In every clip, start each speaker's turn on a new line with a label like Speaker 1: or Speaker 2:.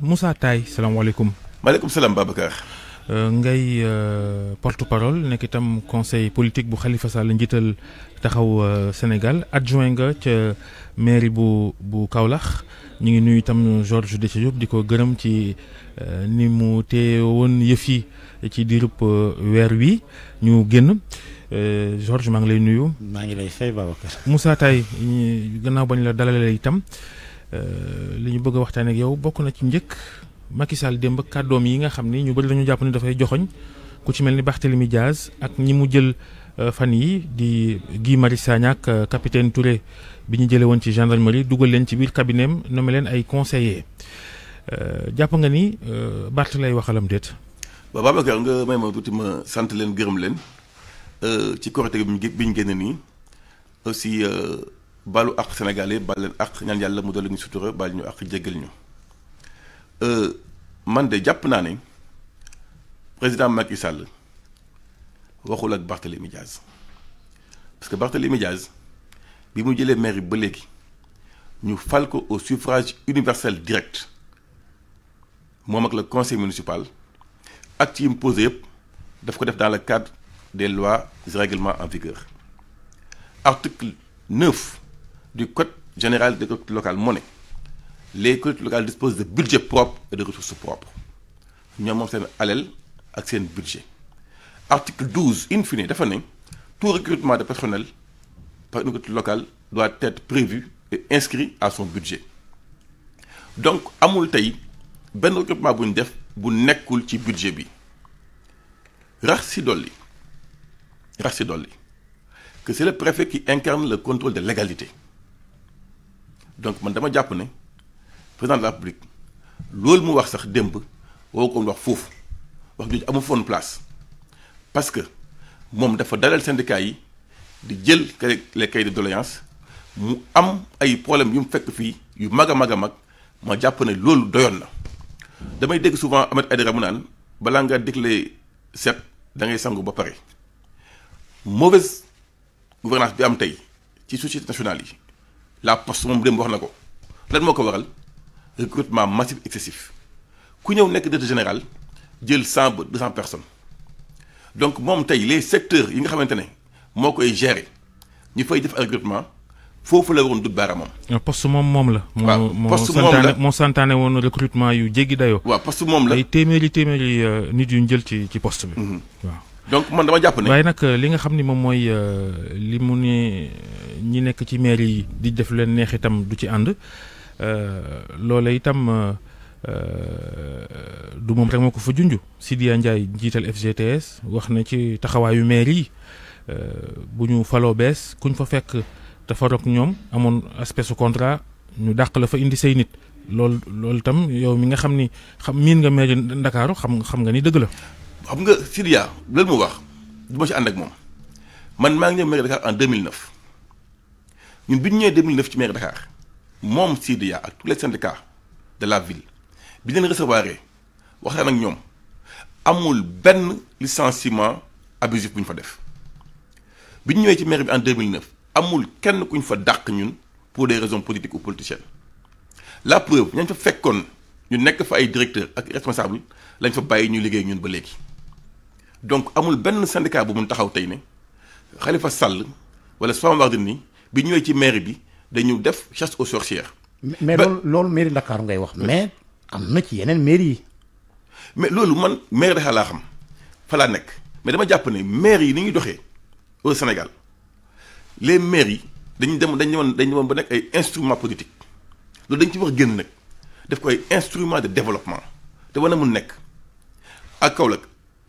Speaker 1: Moussa Taye salaamaaleykum.
Speaker 2: maaleykum salaam Babacar.
Speaker 1: Euh, ngay euh, porte parole nekk itam conseil politique bu Khalifa Sall njiital taxaw euh, Sénégal adjoint nga mairie bu bu Kaolack ñu ngi nuyu itam Georges Déthié Diop di ko gërëm ci ni mu téye woon ci diirub weer wi ñu génn Georges maa ngi lay nuyu. maa ngi lay fay Babacar. Moussa gannaaw bañ la dalalee itam. Euh, li ñu bëgg waxtaan ak yow bokk na ci njëkk Macky Sall démb ak kàddoom yi nga xam ni ñu bëri dañu jàpp ni dafay joxoñ ku ci mel ni Barthélemy Diaz ak ñi mu jël euh, fan yi di Guy Marius Sagna ak euh, capitaine bi ñu jëlee woon ci gendarmerie dugal leen ci biir cabinet am leen ay conseillers jàpp nga ni Barth lay waxalam déet.
Speaker 2: waaw Babacar nga may ma tuuti ma sant leen gërëm leen ci Korité bi ñu génn nii aussi. baalu ak sénégalais baal leen àq ñaan yàlla mu dolli ñu sutura bal ñu ak jéggal ñu euh, man de japp naa président Macky Sall waxul ak Barthélémy Diaz parce que Barthélémy Diaz bi mu jëlé maire ba léegi ñu fal ko au suffrage universel direct mom ak le conseil municipal ak ci imposé ko def dans le cadre des lois et règlements en vigueur article 9 du Code général des collectivités locales monnaie, les collectivités locales disposent de budgets propres et de ressources propres Nous fait un allèle budget article 12 in fine tout recrutement de personnel par une collectivité locale doit être prévu et inscrit à son budget donc amul tey ben recrutement bu def bu nekkul ci budget bi rax que c'est le préfet qui incarne le contrôle de légalité donc man dama japp ne président de la République loolu mu wax sax demb woo ko wax foofu wax jooju amu fon place parce que mom dafa dalal syndicat yi di jël les cahiers de doléance mu am ay problème yu fekk fi yu maga maga mag ma japp ne loolu doyon na damay dégg souvent Ahmed Aïdara mu naan balaa nga diklé set da ngay sangu ba pare mauvaise gouvernance bi am tay ci société nationale yi la poste mom dem wax na ko lan moko waral recrutement massif excessif ku ñew nek directeur général jël 100 200 personnes donc mom tay les secteurs yi nga xamantene mokoy gérer ñu fay def recrutement fofu la won du baram mom
Speaker 1: euh, poste mom mom la. mo poste moom la moo santaane recrutement yu jéggi dayo wa poste mom la ay téméri téméri euh, nit yu ñu jël ci ci poste bi. Mhm. waaw. donc man dama jàpp ne. waaye nag euh, li nga xam ni moom mooy euh, li mu ne euh, ñi nekk ci mairie yi di def leen neex itam du ci ànd loola itam du moom rek moo ko fa junj Sidya Ndiaye jiital FGTS wax na ci taxawaayu mairie yi bu ñu faloo bees kuñ fa fekk dafa rog ñoom amoon aspect su contrat ñu dàq la fa indi say nit lool loolu itam yow mi nga xam ni xam miin nga mairie Ndakaaru xam xam nga ni dëgg la.
Speaker 2: xam nga Syria loolu mu wax du ma ci ànd ak moom man maa ngi ñëw maire Dakar en 2009 ñun bi ñu ñëwee 2009 ci maire Dakar moom Syria ak tous les syndicats de la ville bi leen recevoir waxtaan ak ñoom amul benn licenciement abusif bu ñu fa def bi ñu ñëwee ci maire bi en 2009 amul kenn ku ñu fa dàq ñun pour des raisons politiques ou politiciennes la preuve ñu fa fekkoon ñu nekk fa ay directeur ak responsable lañ fa bàyyi ñu liggéey ñun ba léegi donc amul un syndicat bu mu taxaw Khalifa Sall wala bi ci mairie bi dañu def chasse aux sorcières.
Speaker 3: mais lool vous mairie Dakar ngay wax. mais am
Speaker 2: ci mairie mais man mairie da la xam fa mais dama japp ne ni au Sénégal les mairies, dañu dem instruments politiques Nous dañ ci instruments de développement te nek.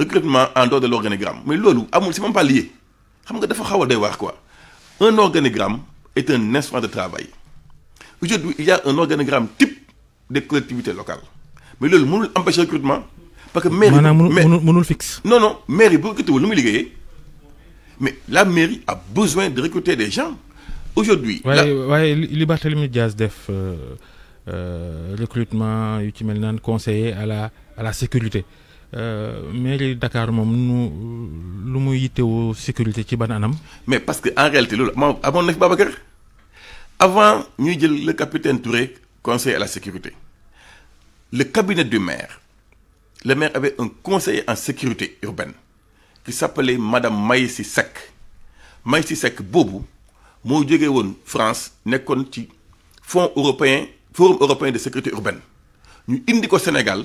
Speaker 2: recrutement en dehors de l'organigramme mais loolu amul c'est même pas lié un organigramme est un instrument de travail aujourd'hui il y a un organigramme type de collectivité locale. mais loolu pas empêcher recrutement parce que mairie mairie, fixe non non mairie peut que tu le mais la mairie a besoin de recruter des gens aujourd'hui il
Speaker 1: y il y a des recrutement yu des conseiller à la à la sécurité euh, mairie Dakar mom nu lu muy sécurité ci ban
Speaker 2: mais parce qu'en réalité avant, Babacar avant jël le capitaine Touré conseiller à la sécurité le cabinet du maire le maire avait un conseiller en sécurité urbaine qui s'appelait madame Maïssi Seck Maïssi c'est un mo won France en ci fonds européen forum européen de sécurité urbaine ñu indi ko Sénégal.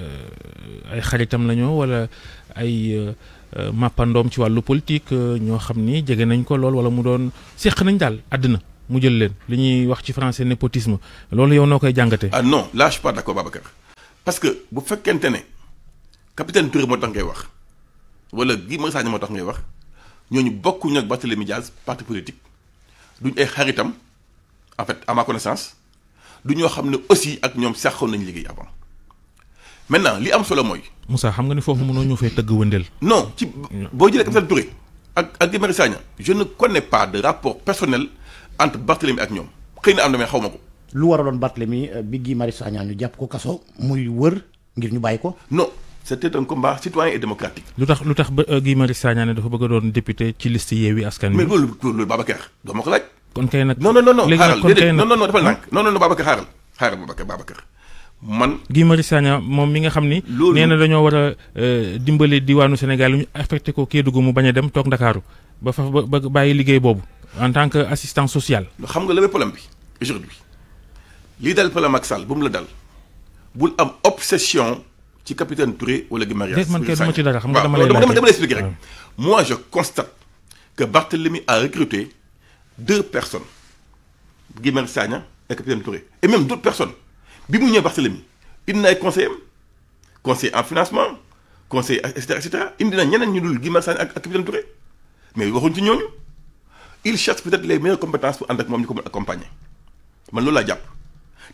Speaker 1: Euh, ay xaritam lañu wala ay euh, euh, màppandoom ci walu politique ñoo xamni ni nañ ko lool wala mu doon seq nañ dal aduna mu jël leen li ñuy wax ci français népotisme loolu yow noo koy jàngatee. ah
Speaker 2: non là je suis pas d'accord Babacar parce que bu fekkente ne capitaine Touré moo tax ngay wax wala Guy Marius Sagna moo tax ngay wax ñooñu bokkuñu ak Barthélémy Dias parti politique duñ ay xaritam en fait à ma connaissance du ñoo xam ne aussi ak ñoom seqoon nañ liggéey avant maintenant li am solo un
Speaker 1: Moussa xam nga ni fofu vous non ci
Speaker 2: Non, Touré ak je ne connais pas de rapport personnel entre Barthélemy et ñom xeyna am na mais
Speaker 3: lu waralon Barthélemy euh, bi Guy Marie Sagna ñu muy wër
Speaker 2: ngir ñu non c'était un combat citoyen et démocratique.
Speaker 1: lutax lutax euh, Sagna ne dafa bëgg député ci liste Askan mais non non non non
Speaker 2: non non non
Speaker 1: man Guy Marius mom mi nga xamni ni. dañu wara na euh, diwanu Sénégal ñu affecté ko Kédougou mu baña dem tok Dakarou ba fa ba bàyyi liggéey bobu en tant que assistant social.
Speaker 2: xam nga le problème bi aujourd'hui li dal problème ak Sall bu mu la dal bul am obsession ci capitaine Touré wala Guy Marius. Sagna man kay duma ci dara xam nga dama lay dama lay expliquer rek. moi je constate que Barthélemy a recruté deux personnes Guy Marius et capitaine Touré et même d'autres personnes bi mu ñëwee Barcelone, indi na ay conseil conseil en financement conseil et cetera et indi na ñeneen ñu dul Guy Marius ak capitaine Touré mais waxuñ ci ñooñu il cherche peut-être les meilleures compétences pour ànd ak moom ñu ko mën accompagner man loolu laa jàpp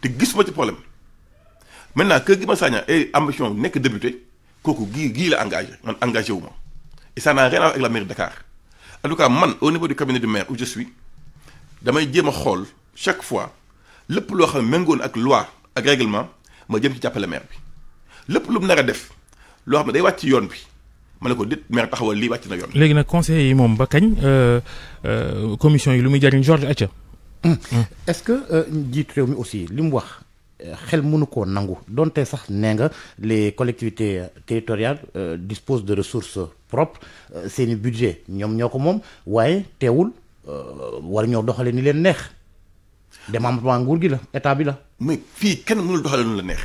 Speaker 2: te ci problème maintenant que Guy Marius Sagna ay ambition nekk député kooku gii gii la engagé man engagé et ça n'a rien à voir avec la mairie de Dakar en tout cas man au niveau du cabinet de maire où je suis damay jéem a xool chaque fois lépp loo xam ne méngoon ak loi ak règlement ma jëm ci jàppale maire bi lépp lu mu nar a def loo xam ne day wàcc yoon bi ma ne ko dit maire taxawal lii wàcc na yoon.
Speaker 1: léegi nag conseil yi moom ba kañ euh, euh, commission yi lu muy jariñ Georges Atia. Hum.
Speaker 3: est-ce que euh, njiit réew mi aussi li mu wax xel mënu koo nangu donte sax nee nga les collectivités territoriales disposent de ressources propres seeni budget ñoom ñoo ko moom waaye teewul war ñoo doxale ni leen neex
Speaker 2: des membres nguur gi la état la. mais fii kenn mënul doxale nu la neex.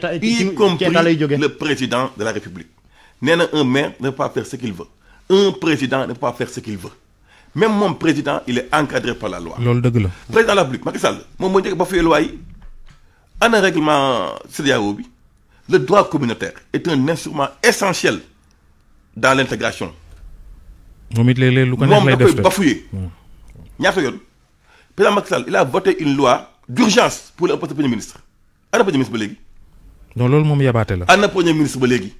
Speaker 2: te Y compris le président de la république. un maire ne peut pas faire ce qu'il veut un président ne peut pas faire ce qu'il veut même mon président il est encadré par la loi.
Speaker 1: Le la président
Speaker 2: de la république Macky Sall moom moo njëkk ba fuyee loi ana règlement CEDEAO bi le droit communautaire est un instrument essentiel dans l'intégration.
Speaker 1: Vous it les loups lu ko neex lay def
Speaker 2: moom ñaata président Macky Sall il a voté une loi d'urgence pour le poste de premier ministre ana premier ministre ba léegi.
Speaker 1: non loolu moom yabaate la. ana
Speaker 2: premier ministre ba léegi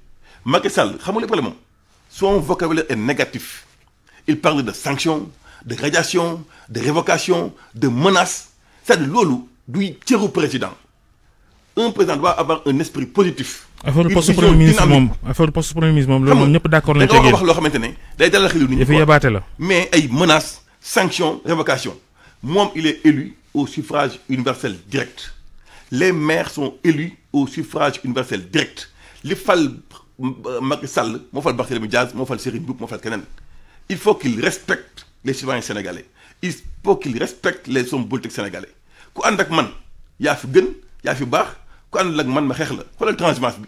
Speaker 2: Macky Sall xam nga le problème son vocabulaire est négatif il parle de sanctions de radiation, de révocation, de menaces c'est-à-dire loolu du président un président doit avoir un esprit positif.
Speaker 1: affaire poste premier ministre moom le poste premier ministre moom loolu moom ñëpp d'accord nañ. ci wax loo
Speaker 2: xamante ne day dalal xelu la mais ay menaces sanction, révocation. Moi, il est élu au suffrage universel direct. Les maires sont élus au suffrage universel direct. Les fal euh, Macky Sall, mon fal Barthélémy Diaz, mon fal Serigne Bouk, mon fal Kenan. Il faut qu'ils respectent les citoyens sénégalais. Il faut qu'ils respectent les hommes politiques sénégalais. Ku andak man ya fi gën ya fi bax, ku andak man ma xex la xoolal transhumance bi.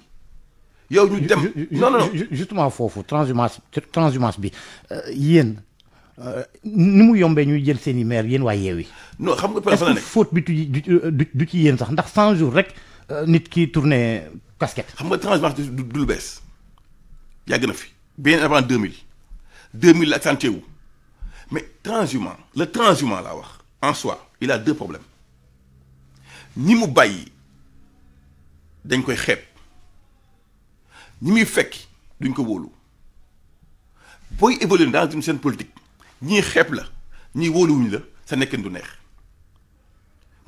Speaker 2: yow ñu dem non non
Speaker 3: justement fofu transhumance transhumance bi euh, Yeen ni mu yombé ñuy jël seen maire non xam nga personne nek faute bi euh, du ci sax ndax 100 jours rek
Speaker 2: euh, nit ki tourné casquette. xam nga bess fi bien avant 2000 2000 mais transhumant le transhumant la wax en soi il a deux problèmes ñi mu Nous dañ koy xeeb ñi fait, fekk duñ ko évoluer dans une scène politique. Ni xeeb la ni wóoluwuñ la sa nekkin du neex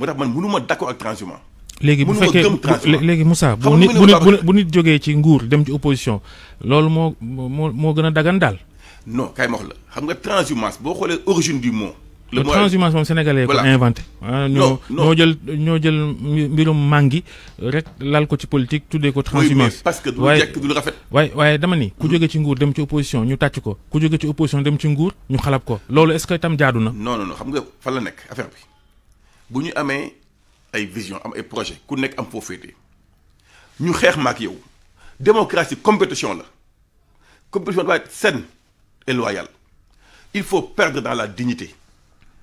Speaker 2: man mënuma d'accord ak transhumance. léegi bu fekkee léegi Moussa bu nit
Speaker 1: bu nit jógee ci nguur dem ci opposition dagan
Speaker 2: non kay ma la xam nga transhumance boo du mot le transhumance sénégalais est inventé ah, nous
Speaker 1: mbirum rek lal politique parce que du jek du rafet oui, dama ni ku ci nguur dem ci opposition ñu nous ko ku ci opposition dem ci est-ce que non
Speaker 2: non non xam nga fa la affaire bi ay vision am projet ku nous am nous ñu yow démocratie compétition la compétition doit être saine et loyale il faut perdre dans la dignité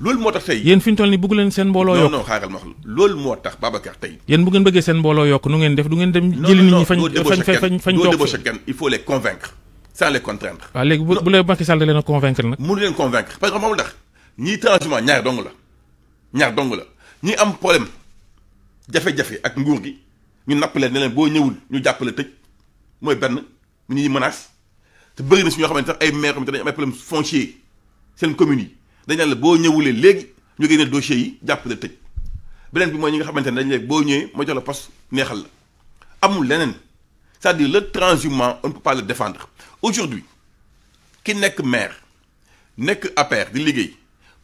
Speaker 1: lol motax tay yeen yéen tolni ñu toll bëgg leen seen mbolo yok non non
Speaker 2: xaaral ma wax lol motax Babacar tay
Speaker 1: yeen bu ngeen bëggee seen mbolo yok nu ngeen def du ngeen dem jël nit ñi fañ fañ fañ toog doo
Speaker 2: il faut les convaincre sans les contraindre
Speaker 1: wa légui bu lay Macky Sall da leen convaincre nak
Speaker 2: mu leen convaincre parce que moom tax ñi transhumant ñaar dong la ñaar dong la ñi am problème jafé jafé ak nguur gi ñu napp leen ne leen bo ñewul ñu jàppale tëj mooy benn mu ñuy menace te bëri na si ñoo xamante sax ay maire xamante dañu am ay problème foncier seen communes dañ la bo ñëwulee léegi ñu génne dossier yi japp na tëj beneen bi mooy ñi nga xamantene dañ ne bo ñëwee ma jox la poste neexal la amul lenen c'est-à-dire le transhumant on peut pas le défendre aujourd'hui ki nekk maire nekk APR di liggéey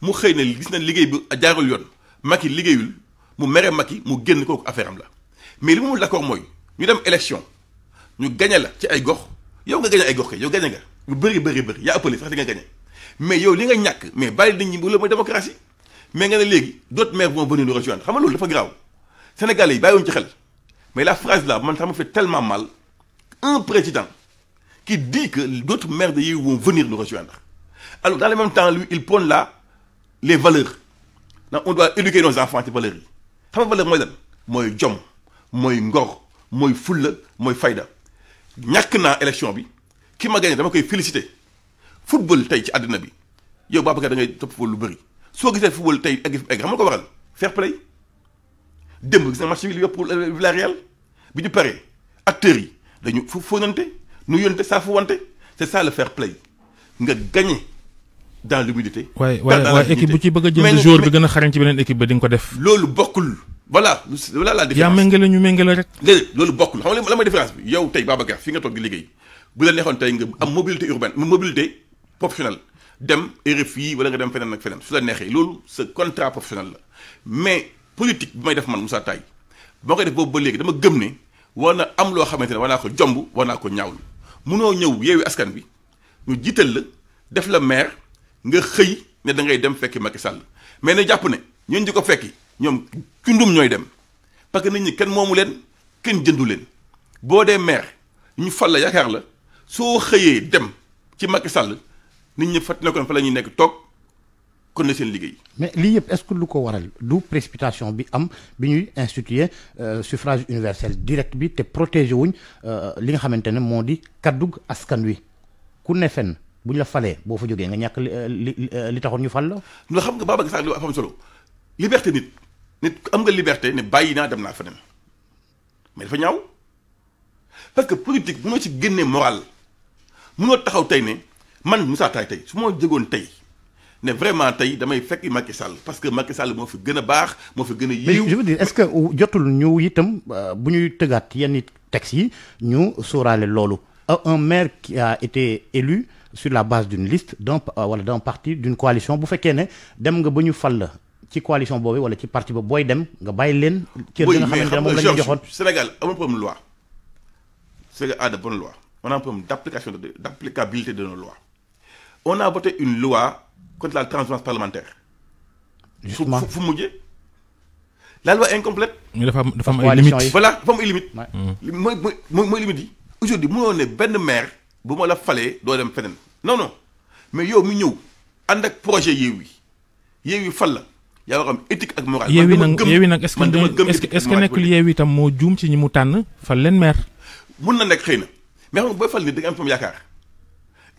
Speaker 2: mu xeyna gis na liggéey bu jaarul yoon maki liggéeyul mu mere maki mu génn kooku affaire am la mais li mu d'accord moy ñu dem élection ñu gagné la ci ay gox yow nga gañe ay gox kay yow gagné nga yu bëri bëri bëri ya ëppale sax di nga gagné mais yow li nga ñak mais bàyyi nit ñi bu la démocratie mais nga ne légui d'autres maires vont venir nous rejoindre xam nga loolu dafa graw Sénégalais yi bàyyiwuñ ci xel mais la phrase là man ça me fait tellement mal un président qui dit que d'autres maires de vont venir nous rejoindre alors dans le même temps lui il prône là les valeurs on doit éduquer nos enfants ci valeurs yi xam nga valeur moy lan moy jom moy ngor moy fulla moy fayda ñak na élection bi ki ma gagné dama koy féliciter football tay ci aduna bi yow Babacar da ngay top football lu bëri soo gisee football tay ak egg xam nga ko waral fair play démb gis na match bi Liverpool euh, Villarreal bi ñu paree acteurs yi dañu fo fonante nu yonte sa fu wante c'est ça le fair play nga gagner dans l'humidité waaye waaye équipe bu ci bëgg a jël jour bi
Speaker 1: gëna a xarañ ci beneen équipe ba di nga ko def.
Speaker 2: loolu bokul voilà voilà la différence yaa méngale ñu méngale rek. déedéet loolu bokul xam nga la may différence bi yow tay Babacar fi nga tok di liggéey bu la neexoon tay nga am mobilité urbaine mobilité professionnel dem RFI wala nga dem fenen ak fenen su la neexee loolu ce contrat professionnel la mais politique bi may def man Moussa Taye boo koy def bobu ba léegi dama gëm ne wala am lo xamanteni wala ko jomb wala ko ñaawlu munoo ñëw yeewi askan bi ñu jittel la def la maire nga xey ne da ngay dem fekki Macky Sall mais na japp ne ñun diko ko fekki ñoom kundum ñoy dem parce que nit ñi ken momu len ken jëndu len bo dé maire ñu fal la yakar la so xeyé dem ci Macky Sall nit ñi fa mais
Speaker 3: est-ce que lu ko waral du précipitation bi am bi euh, suffrage universel direct bi te protéger wuñ euh, li nga xamante ne di kaddug askan wi ku ne la falee fa nga euh, li li ñu fal la.
Speaker 2: xam nga li liberté nit nit am liberté mais dafa ñaaw parce que politique ci moral taxaw man Moussa Tay tay su ma jógoon tey ne vraiment tay damay fekk Macky Sall parce que Macky Sall moo fi gëna bax mo fi gëna yiw je veux
Speaker 3: dire est-ce que jotul ñu itam euh, bu ñuy yenn taxi, ñu sóoraale lolu euh, un maire qui a été élu sur la base d'une liste d'un euh, wala d'un parti d'une coalition bu fekkee ne dem nga ba fal ci coalition boobu wala ci parti boobu booy dem nga bayil len ci nga xamante ne lañu la ñu
Speaker 2: Sénégal amul problème loi Sénégal a de bonne loi on a un problème d'application d'appliquabilité de nos lois on a voté une loi contre la transhumance parlementaire. Vous fu mu la loi incomplète.
Speaker 1: mais dafa am dafa am limites
Speaker 2: voilà dafa am ay limites.
Speaker 1: Mm.
Speaker 2: mooy mooy mooy limites yi. aujourd'hui mënoo ben benn maire bu ma la falee doo dem feneen non non mais yo mi ñëw ànd ak projet Yewwi Yewwi fal la yaa war éthique ak morale. Yewwi nag Yewwi est-ce que est-ce que nekkul
Speaker 1: Yewwi tam moo juum ci ñi mu tànn fal maire.
Speaker 2: mun na nekk mais on peut booy fal ni da am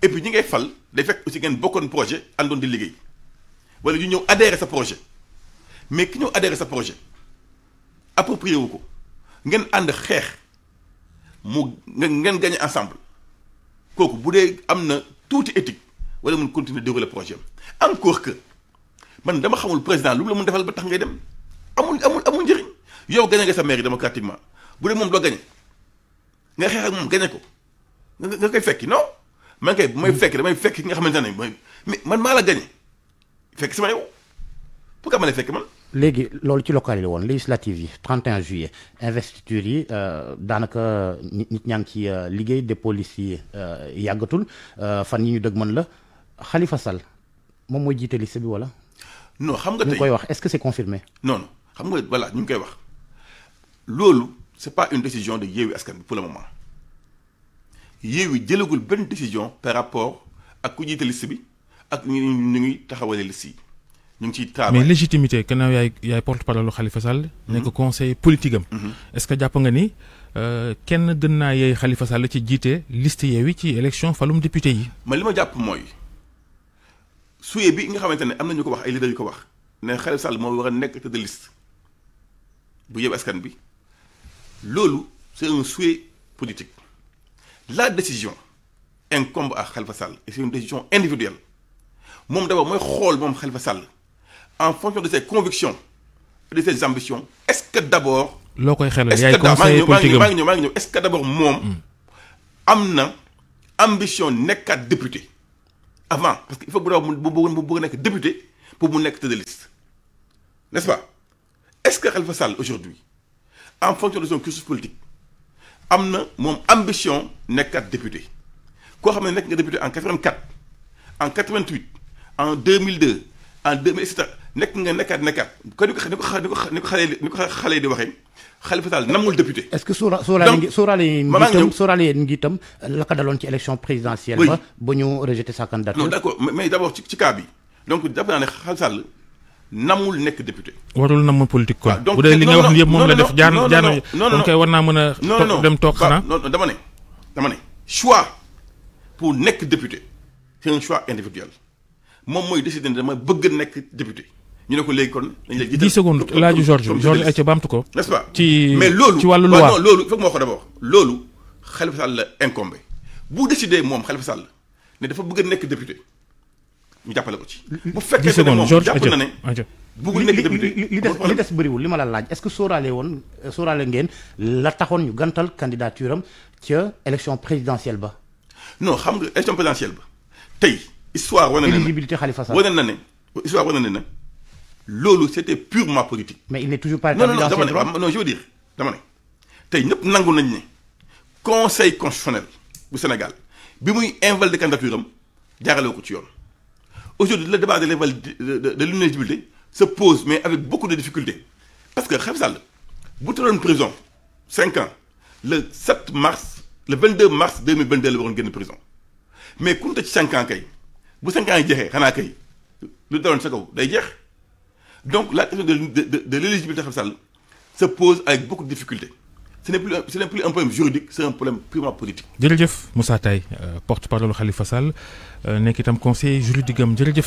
Speaker 2: et puis ñi ngay fal day fekk aussi ngeen bokkoon projet àndoon di liggéey wala ñu ñëw adhéré sa projet mais ki ñëw adhéré sa projet approprié wu ko ngeen ànd xeex mu ngeen gagné ensemble kooku bu dee am na tuuti éthique wala mun continuer dérouler projet am encore que man dama xamul président lu mu la mun defal ba tax ngay dem amul amul amul njëriñ yow gagné nga sa mairie démocratiquement bu dee moom doo gagné nga xeex ak moom gagné ko nga koy fekki non man kay bu may fekk damay fekk nga xamante ne man mala gagné fekk sama yow pour que ma fekk man.
Speaker 3: légui loolu ci local yi la woon législative yi 31 juillet investiture yi euh, danaka nit ñang ci euh, liguey des policiers euh yagatul euh fan yi ñu dëgg mën la Khalifa Sall moom mooy jiite liste bi wala. non xam nga tey ñu koy wax est-ce que c'est confirmé.
Speaker 2: non non xam nga voilà ñu koy wax loolu c'est pas une décision de Yewwi Askan Wi pour le moment. Yewwi jëlagul ben décision par rapport ak ku jiite liste bi ak ñu ñu ngi taxawale liste yi ñu
Speaker 1: ngi ciy travail mais légitimité gannaaw yaay yaay porte parole Khalifa Sall. nekk conseil politique am. Mhm. est-ce que jàpp nga ni euh, kenn gën naa yeey Khalifa Sall ci jiite liste Yewwi ci élection falum député yi.
Speaker 2: ma li ma jàpp mooy suyee bi nga xamante ne am na ñu ko wax ay leader yu ko wax ne Khalifa Sall moo war a nekk tête de liste bu Yewwi askan bi loolu c'est un souhait politique la décision incombe à Khalifa Sall et c'est une décision individuelle Moi, d'abord moi rôle, mon Khalifa Sall en fonction de ses convictions et de ses ambitions est-ce que d'abord.
Speaker 1: ce est-ce
Speaker 2: que d'abord moi, j'ai hmm. l'ambition ambition nekkaat député avant parce qu'il faut que vous député pour mu nekk la de liste n'est-ce pas est-ce que Khalifa Sall aujourd'hui en fonction de son cursus politique am na moom ambition nekkat député koo xam député en 84 en 88 en 2002 en 2000 nous nekk nga nekkat nekkat ko ko ni ko est-ce que
Speaker 3: vous avez yi. la ci élection présidentielle. ba ba sa candidature. non d'accord
Speaker 2: mais d'abord ci cas bi donc dafa naa namul nek député.
Speaker 1: warul député politique kon. Ah, bu li nga wax la def. non non
Speaker 2: dama pour nek député c'est un choix individuel mom décider dama bëgg député ñu ne ko kon. la 10 secondes Georges Georges ce pas mais loi non Khalifa Sall incombé Khalifa Sall député ñu jàppale ko ci. bu fekkee ne moom jàpp na ne. bëggul nekk
Speaker 3: li des li des bëriwul li ma la laaj est-ce que sóoraale woon euh, sóoraale ngeen la taxoon ñu gantal candidature am ca élection présidentielle ba.
Speaker 2: non xam nga élection présidentielle ba tey. histoire wane na éligibilité Khalifa Sall wane na ne histoire wane na ne loolu c'était purement politique.
Speaker 3: mais il n'est toujours pas établi dans non non dama ne
Speaker 2: non je veux dire dama ne tey ñëpp nangu nañ ne conseil constitutionnel bu Sénégal bi muy invalide candidature am jaarale ko ci yoon. Aujourd'hui, le débat de l'éligibilité se pose, mais avec beaucoup de difficultés. Parce que vous êtes une prison, 5 ans, le 7 mars, le 22 mars 2022, vous êtes en prison. Mais quand vous êtes 5 ans, vous 5 ans, il y vous le 5 ans. Donc la question de, de, de, de l'éligibilité se pose avec beaucoup de difficultés ce n'est plus, plus un problème juridique, c'est un problème purement politique.
Speaker 1: Djerejeuf Moussa Tay, euh, porte-parole Khalifa Sall, euh, n'est qu'un conseiller juridique.